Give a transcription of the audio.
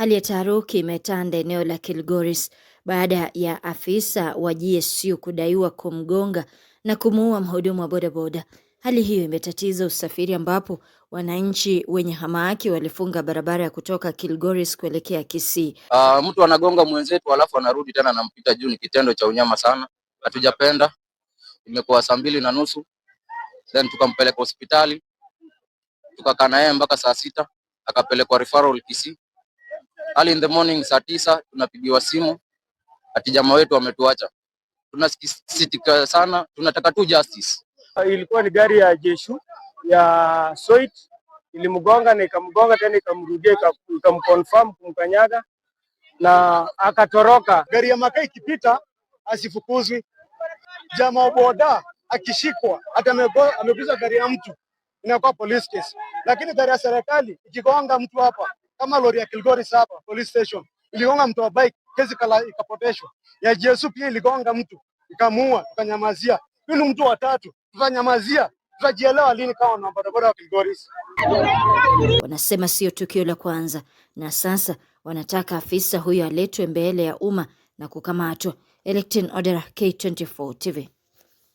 Hali ya taharuki imetanda eneo la Kilgoris baada ya afisa wa GSU kudaiwa kumgonga na kumuua mhudumu wa bodaboda. Hali hiyo imetatiza usafiri ambapo wananchi wenye hamaki walifunga barabara ya kutoka Kilgoris kuelekea Kisii. Uh, mtu anagonga mwenzetu alafu anarudi tena anampita juu, ni kitendo cha unyama sana, hatujapenda. Imekuwa saa mbili na nusu then tukampeleka hospitali, tukakaa naye mpaka saa sita akapelekwa referral Kisii early in the morning saa tisa tunapigiwa simu ati jamaa wetu ametuacha. Tunasikitika sana, tunataka tu justice. Ah, ilikuwa ni gari ya Jeshu ya Soit ilimgonga na ikamgonga tena ikamrudia ikamconfirm kumkanyaga na akatoroka. Gari ya makaa ikipita asifukuzwi. Jamaa boda akishikwa hata amegusa gari ya mtu inakuwa police case, lakini gari ya serikali ikigonga mtu hapa kama lori ya Kilgori Saba police station iligonga mtu wa bike, kesi kala ikapoteshwa. Ya Jesu pia iligonga mtu ikamuua, ikanyamazia. Huyu ni mtu wa tatu, tutanyamazia. Tutajielewa lini kama na barabara wa Kilgori Wanasema sio tukio la kwanza, na sasa wanataka afisa huyo aletwe mbele ya umma na kukamatwa. Electin Odera, K24 TV.